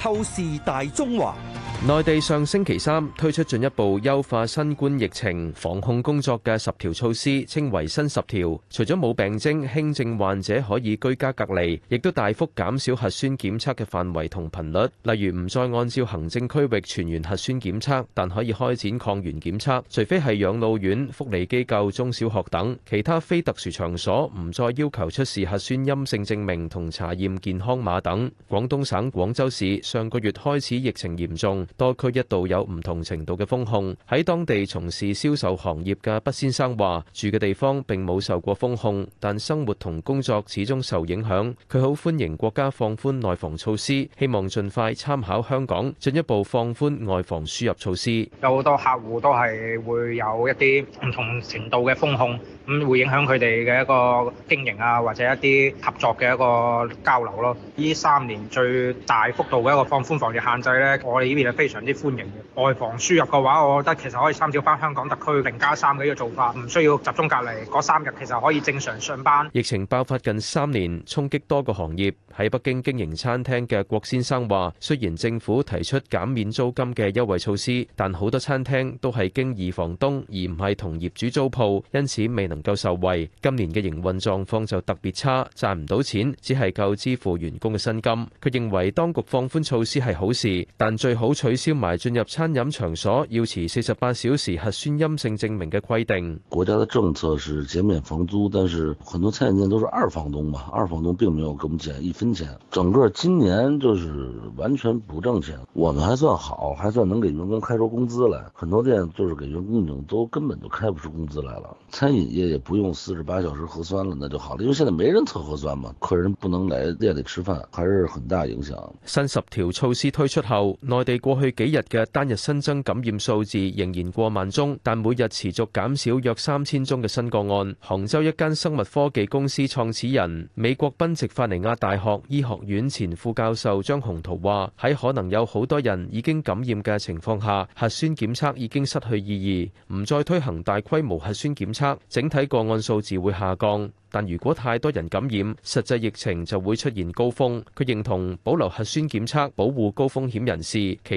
透視大中華。內地上星期三推出進一步優化新冠疫情防控工作嘅十條措施，稱為新十條。除咗冇病徵輕症患者可以居家隔離，亦都大幅減少核酸檢測嘅範圍同頻率。例如，唔再按照行政區域全員核酸檢測，但可以開展抗原檢測，除非係養老院、福利機構、中小學等其他非特殊場所，唔再要求出示核酸陰性證明同查驗健康碼等。廣東省廣州市上個月開始疫情嚴重。多區一度有唔同程度嘅封控，喺當地從事銷售行業嘅畢先生話：住嘅地方並冇受過封控，但生活同工作始終受影響。佢好歡迎國家放寬內防措施，希望盡快參考香港進一步放寬外防輸入措施。有好多客戶都係會有一啲唔同程度嘅封控，咁會影響佢哋嘅一個經營啊，或者一啲合作嘅一個交流咯。呢三年最大幅度嘅一個放寬防疫限制咧，我哋呢邊啊～非常之歡迎外防輸入嘅話，我覺得其實可以參照翻香港特區零加三嘅呢個做法，唔需要集中隔離嗰三日，其實可以正常上班。疫情爆發近三年，衝擊多個行業。喺北京經營餐廳嘅郭先生話：雖然政府提出減免租金嘅優惠措施，但好多餐廳都係經二房東，而唔係同業主租鋪，因此未能夠受惠。今年嘅營運狀況就特別差，賺唔到錢，只係夠支付員工嘅薪金。佢認為當局放寬措施係好事，但最好取取消埋進入餐飲場所要持四十八小時核酸陰性證明嘅規定。國家的政策是減免房租，但是很多餐飲店都是二房東嘛，二房東並沒有給我們減一分錢。整個今年就是完全不掙錢，我們還算好，還算能給員工開出工資來。很多店就是給員工都根本就開不出工資來了。餐飲業也不用四十八小時核酸了，那就好了，因為現在沒人測核酸嘛，客人不能來店裏吃飯，還是很大影響。新十條措施推出後，內地過。去幾日嘅單日新增感染數字仍然過萬宗，但每日持續減少約三千宗嘅新個案。杭州一間生物科技公司創始人、美國賓夕法尼亞大學醫學院前副教授張洪濤話：喺可能有好多人已經感染嘅情況下，核酸檢測已經失去意義，唔再推行大規模核酸檢測，整體個案數字會下降。但如果太多人感染，實際疫情就會出現高峰。佢認同保留核酸檢測保護高風險人士，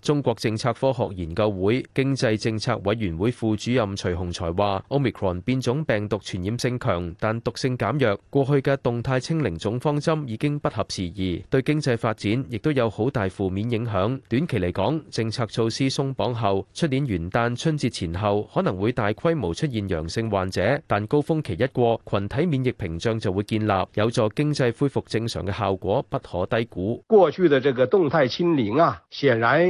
中國政策科學研究會經濟政策委員會副主任徐洪才話：Omicron 變種病毒傳染性強，但毒性減弱。過去嘅動態清零總方針已經不合時宜，對經濟發展亦都有好大負面影響。短期嚟講，政策措施鬆綁後，出年元旦、春節前後可能會大規模出現陽性患者，但高峰期一過，群體免疫屏障就會建立，有助經濟恢復正常嘅效果，不可低估。過去的這個動態清零啊，顯然。